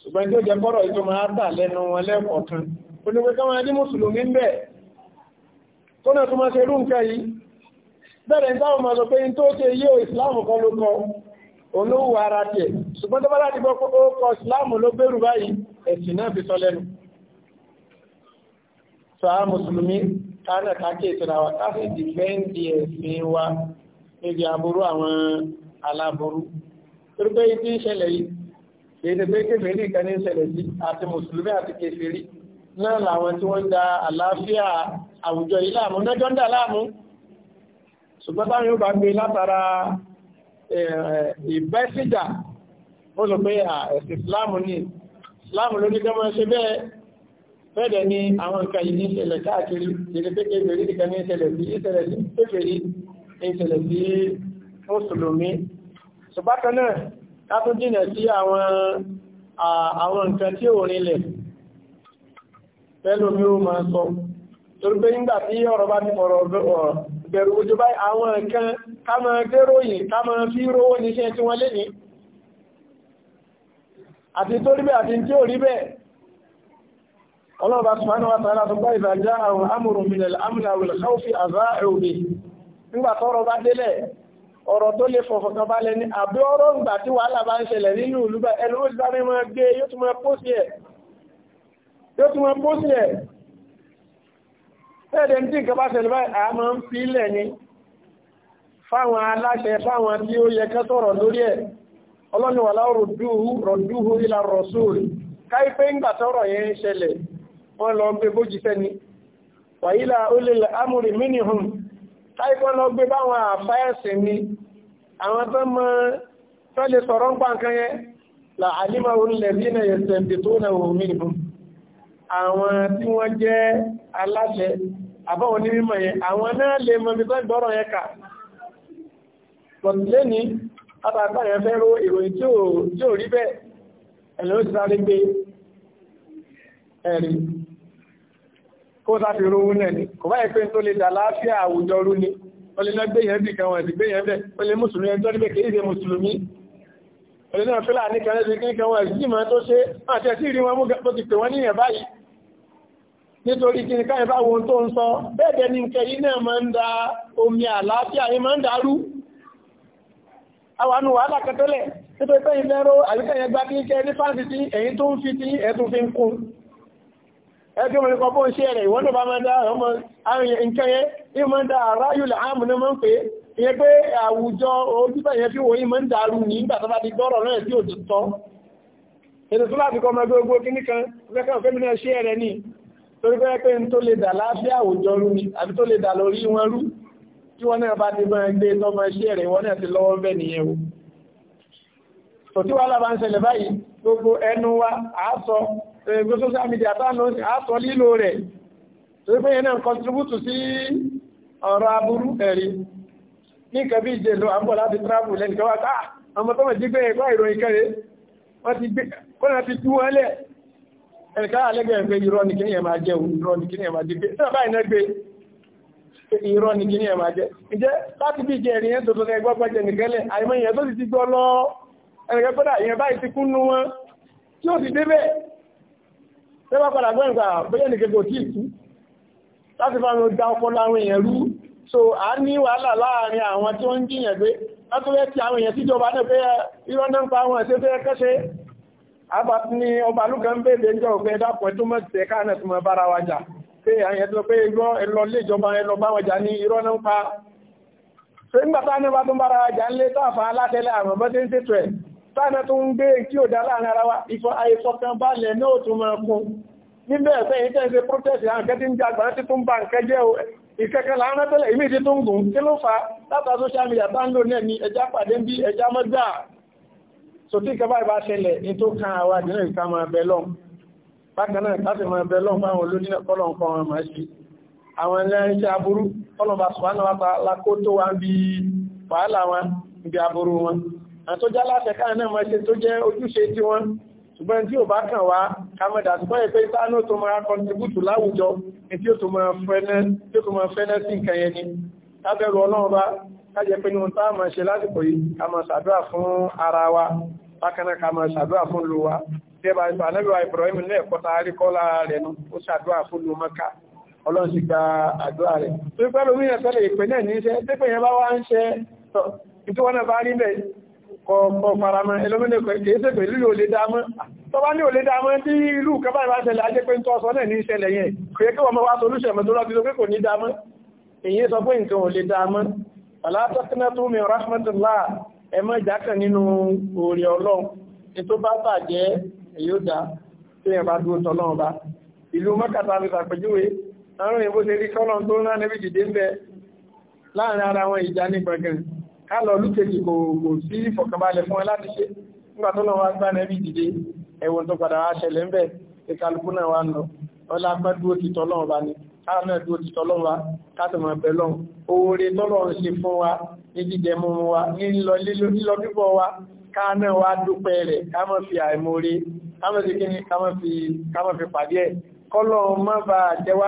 ṣùgbọ́n tó jẹ kọ́rọ̀ ètò máa bà lẹ́nu wọn lẹ́ẹ̀kọ̀ọ̀kan onígbé ká máa dí mùsùlùmí ń bẹ̀ tó náà tó máa ṣe rú nǹkan yìí bẹ̀rẹ̀ ń táwọn máa sọ pé tó ṣe yíò ìsìláàmù kan ló kọ olówó ara tiẹ̀ ṣùgbọ́n tó bá láti gbọ́ ó kọ ìsìláàmù ló gbèrú báyìí ẹ̀sìn náà fi sọ lẹ́nu sọ á mùsùlùmí kánà káàkiri ìtura wa káfíńdì fẹ́ǹdì ẹ̀sìn wa níbi aburú àwọn aláburú torí pé ibi ń ṣẹlẹ̀ yìí kì í ṣe pé kébèrè nìkan ní ṣẹlẹ̀ sí àti mùsùlùmí àti kèfèrí náà làwọn tí wọ́n ń da àlàáfíà àwùjọ yìí láàmú lọ́jọ́ ń dà láàmú ṣùgbọ́n táwọn yóò bá gbé látara ìbẹ́síjà ó lọ pé ẹ̀sìn ìsìláàmù ní ìsìláàmù ló ní kẹ́mọ́ ṣe bẹ́ẹ̀ fẹ́ẹ̀dẹ̀ ni àwọn nǹkan yìí ń ṣẹlẹ̀ káàkiri ìrìn pé kébèrè nìkan ní sí ìṣẹlẹ̀ sí kèfèrí ìṣẹlẹ̀ sí mùsùlùmí ṣùgbákan náà ká tún jìnà sí àwọn nǹkan tí ò rinlẹ̀ pẹ́lú mi ó máa sọ torí pé nígbà tí ọ̀rọ̀ bá ti fọ̀rọ̀ bẹ̀rù ojú báyìí àwọn nǹkan ká máa gbéròyìn ká máa fi rówó níṣẹ́ tí wọ́n lé ní àti tó rí bẹ́ẹ̀ àti tí ò rí bẹ́ẹ̀ ọlọ́ọ̀bá subhanahu wa ta'ala bá ìdájá àwọn amòrùn min al-amni aw al-khawfi àzá ẹ̀rù ọ̀rọ̀ tó lè fọ̀fọ̀ kan balẹ̀ ní àbí ọ̀rọ̀ ìgbà tí wàhálà bá ń ṣẹlẹ̀ nínú ìlú bá ẹnu ó sáré máa gbé yóò tún máa pósì ẹ̀ yóò tún máa pósì ẹ̀ fẹ́ẹ̀dẹ̀ tí nǹkan bá ṣẹlẹ̀ báyìí a máa ń fi ilẹ̀ ni fáwọn aláṣẹ fáwọn tí ó yẹ kẹ́ lórí ẹ̀ ọlọ́ni láwọ̀ rọ̀dúhu táìkọ́ lọ gbé báwọn àfáẹ́sì ni àwọn tó mọ́ tó lè sọ̀rọ̀ ń pa nǹkan yẹn là àlímà orílẹ̀-èdè yẹ̀sẹ̀ǹdì tó nà òmí nìbọn àwọn tí wọ́n jẹ́ aláṣẹ àbáwọn onímọ̀ yẹn àwọn náà lè mọ ibi tó gbọ́rọ̀ yẹn kà pọ̀tílé àtàkọ́ kó sáfi rówó náà ni kò báyìí pé tó lè dà láàfíà àwùjọ rú ni ó lè náà gbéyàn bì kan wọn ti gbéyàn bẹ ó lè mùsùlùmí ẹjọ́ níbẹ̀ kì í ṣe mùsùlùmí ó lè náà fílà ní kan ẹ̀sìn kan wọn ẹ̀sìn mọ́ tó ṣe àti ẹ̀sìn rí wọn mú tó ti pè wọ́n níyàn báyìí nítorí kí ẹgbẹ́ mọ̀ nípa bóun ṣe rẹ̀ ìwọ́n tó bá máa dá ọmọ arìnrìn nǹkan yẹn ní máa ń da ráyù láàmù ní máa ń pè é ìyẹn pé àwùjọ ojúbà yẹn fi wòye máa ń dàrú ní ìgbà tó bá di gbọ́rọ̀ náà sí òtítọ́ ètò tó láti kọ́ ọmọ gbogbo kíní kan fẹ́kàn fẹ́mi náà ṣe rẹ̀ ní ni àbí tó lè dà lórí wọn rú tí báyìí gbogbo ẹnu wa àásọ ẹgbẹ́ social media tánà àtọ́ lílò rẹ̀ tó pé yẹn náà contribute sí ọ̀rọ̀ aburú ẹ̀rí ní kẹbí ìjẹ̀lọ àbọ̀ láti travel lẹ́nìkẹwà káà ọmọ tó mọ̀ jí gbé ẹ̀kọ́ ìròyìn kẹrẹ wọ́n ti gbé kọ́nà ti tú wọ́n lẹ̀ ẹ̀ká alẹ́gbẹ̀ ẹ̀gbẹ́ irọ́ ni kíní ẹ̀mà jẹ́ irọ́ ni kíní ẹ̀mà jẹ́ tí ọba ìná gbé irọ́ ni kíní ẹ̀mà jẹ́ ìjẹ́ láti bí ìjẹ́ ẹ̀rìn tó tó ẹgbọ́ pẹ́jẹ nìkẹ́lẹ̀ àìmọ́ ìyẹn tó ti ti gbọ́ lọ ẹnìkẹ́ kọ́dà ìyẹn báyìí ti kún tẹ́bá padà gbọ́n ìgbà bóyá ní gbogbo tí ìkú láti fa ọjà ọpọlọ àwọn èèyàn rú so a ní wàhálà láàrin àwọn tí ó ń jìyàn gbé látọ́lẹ́ ti àwọn èèyàn tíjọba náà fẹ́ ìrọ́nà ń pa àwọn ẹ̀ṣẹ́ fẹ́ kẹ́ṣe ní ọba lúkà ń bèèrè ń jọ òpin ẹ̀dàpọ̀ tó mọ̀ tẹ̀ káà náà tó mọ̀ bára wa pé àwọn pé irọ́ ẹlọ lé ní ìrọ́nà ń pa so nígbà táwọn ẹ̀ṣẹ́ bá tó ń bára wa jà ń lé tó àfà alátẹ́lẹ̀ àwọn bọ́tẹ́ ń ṣètò ẹ̀ sáàdá tó ń gbé tí ó dá láàrin ara wa ìfọ́ àìfọkànbalẹ̀ náà tó máa kún níbẹ̀ ẹ̀fẹ́ yìí tẹ́ ń ṣe protest àwọn kẹ́ tí ń jà gbàrá tí tó ń bá jẹ́ o ìkẹ́kẹ́ láàrín tó ń gùn kí ló fa látà social media bá ń lò náà ní ẹja pàdé bí ẹja mọ́gbà so tí ìkẹ́bá ìbá ṣẹlẹ̀ ní tó kan àwa ìdílé ìka máa bẹ lọ́m bákan náà láti máa bẹ lọ́m báwọn olóní kọ́lọ̀ nǹkan wọn máa ṣe àwọn ilé iṣẹ́ aburú kọ́lọ̀ bá sùpánà wá pa lakó tó wá ń wàhálà wọn ń aburú wọn àtọ́já látẹ̀ká náà máa ṣe tó jẹ́ ojúṣe tí wọ́n ṣùgbọ́n tí ò bá kàn wá kàmẹ́dà tó báyẹ̀ pé sáánù tó máa kọntibútù láwùjọ tí ó tó máa fẹ́nẹ́ sí nǹkan ni lábẹ́rù ọlọ́run bá kájẹ́ pé ní ohun tá a máa ṣe lásìkò yìí ká máa ṣàdúrà fún ara wa bákan náà ká máa ṣàdúrà fún lu wa tẹ́bà ìfànẹ́bíwá Ibrahim náà ẹ̀kọ́ ta rí kọ́lá rẹ̀ nu ó kọ́ faramọ́ ẹlọ́mílẹ̀ kẹ́ẹ̀ẹ́sẹ̀ pẹ̀lú yóò lè dámọ́ tó bá ní ò lè dámọ́ tí ìlú kẹfà ìbáṣẹ̀lẹ̀ ajé pé ń tọ́ sọ náà ní ìṣẹ̀lẹ̀ yẹn kìí kí wọ́n mọ́ wá solúṣẹ̀ mọ́ tó lọ́bí tó pé kò ní dámọ́ èyí sọ pé nǹkan ò lè dámọ́ alátọ́kínà tó mi rahmatullah ẹ mọ́ ìjákàn nínú orí ọlọ́run ní tó bá bàjẹ́ èyí ó dá tó yẹn bá dúró tọ́lọ́run bá ìlú mọ́kàtà mi sàpèjúwe àrùn ìbó ṣe rí kọ́lọ́n tó rán níbi dìde ń bẹ láàrin ara wọn ìjà ní gbọ̀ngàn kálọ̀ olúkejì kò sí ìfọ̀kànbalẹ̀ fún aláti ṣe nígbà tó lọ́wọ́ agbára ẹbí dìde ẹ̀wọ̀n tó padà wá ṣẹlẹ̀ ń bẹ̀ ìkàlùkù náà wá ń lọ ọlá pẹ́ dúró ti tọ́lọ́wọ́ bá ní káà náà dúró ti tọ́lọ́wọ́ wa kátàmọ̀ bẹ̀ lọ́n oore tọ́lọ́ ń ṣe fún wa ní jíjẹ mú wa ní lílọ bíbọ̀ wa káà náà wá dúpẹ́ rẹ̀ má fi àìmoore ká má fi kíni ká má fi pàdé ẹ̀ kọ́lọ̀ má ba jẹwa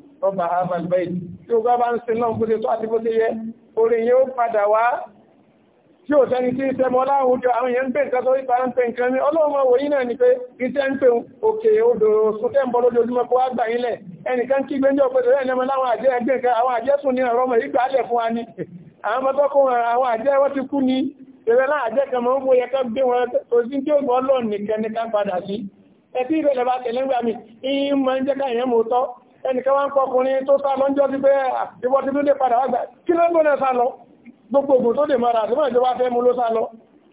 ọba harvard bẹ́ẹ̀ tí ó gbá bá ń sin náà bó ṣe tó àti bó ṣe yẹ orí yẹn ó padà wá tí ò sẹ́ni tí ìṣẹ́mọ láàrùn jọ àwọn èèyàn ń pè nǹkan tó ìta ń pè nǹkan ní ọlọ́run ọwọ́ náà ni pé iṣẹ́ ń pè òkè odò sókè ń bọ́ lójoojúmọ́ kó wá gbà yín lẹ̀ ẹnìkan wa ni àwọn ọmọ tó kún àwọn àjẹ́ wọ́n ti kú ni ìrẹ́ náà àjẹ́ kan mọ́ mú yẹ ká gbé wọn òsì tí ó gbọ́ lọ́ọ̀ nìkan ní ká padà bá tẹ̀lé ìyí máa ń jẹ́ ká ìyẹn tọ́ ẹnìkan wá ń pọkùnrin tó sá lọ́njọ́ ti pé ìwọ́ ti ló lè padà wá gbà kí ló ń gbọ́nà sá lọ gbogbo ògùn tó dè mara àtúmọ̀ ìjọba fẹ́ mú ló sá lọ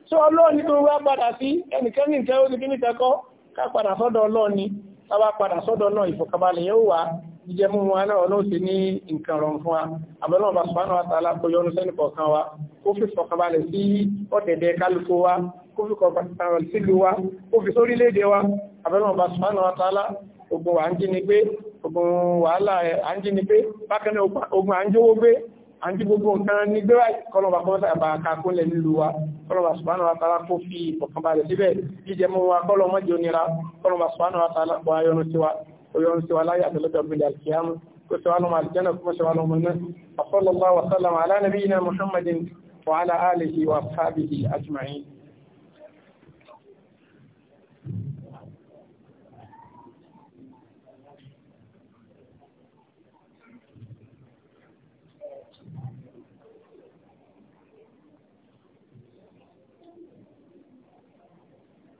tí ọlọ́ọ̀ ní wá padà sí ẹnìkan ní nǹkan ó ti kíní kẹ́kọ́ ká padà sọ́dọ̀ ọlọ́ọ̀ ni ká bá padà sọ́dọ̀ náà ìfọ̀kàbalẹ̀ yóò wá jíjẹ mú wọn náà ló ti ní nǹkan rọ̀ fún wa àbẹ̀lọ́wọ̀n bá sọ́nà wa tààlà kó yọnu sẹ́nì kọ̀ọ̀kan wa kó fi fọ̀kàbalẹ̀ sí ọ̀tẹ̀dẹ̀ kálukú wa kó fi kọ̀ọ̀kan sílùú wa kó fi sórílẹ̀-èdè wa àbẹ̀lọ́wọ̀n bá sọ́nà wa tààlà ogun wà ń jí ni pé ogun wàhálà à ń jí ni pé bákan náà ogun à ń jówó gbé à ń jí gbogbo nǹkan ní gbé báyìí kọlọ́ba kọ́ sábà kakúnlẹ̀ nílùú wa kọlọ́ba subhanahu wa ta'ala kó fi ìfọ̀kànbalẹ̀ síbẹ̀ jíjẹ mú wa kọlọ́mọ́ jẹ́ onira kọlọ́ba subhanahu wa ta'ala kó ayọ́nu tiwa oyọ́nu tiwa láyé àtẹlẹ́tọ̀ gbẹ̀dẹ̀ àlùkìyàmù kó sẹ́wà lọ́mọ àlùjẹ́nà kó sẹ́wà lọ́mọ náà wa sallallahu wa sallama ala nabiyyina muhammadin wa ala alihi wa ashabihi ajma'in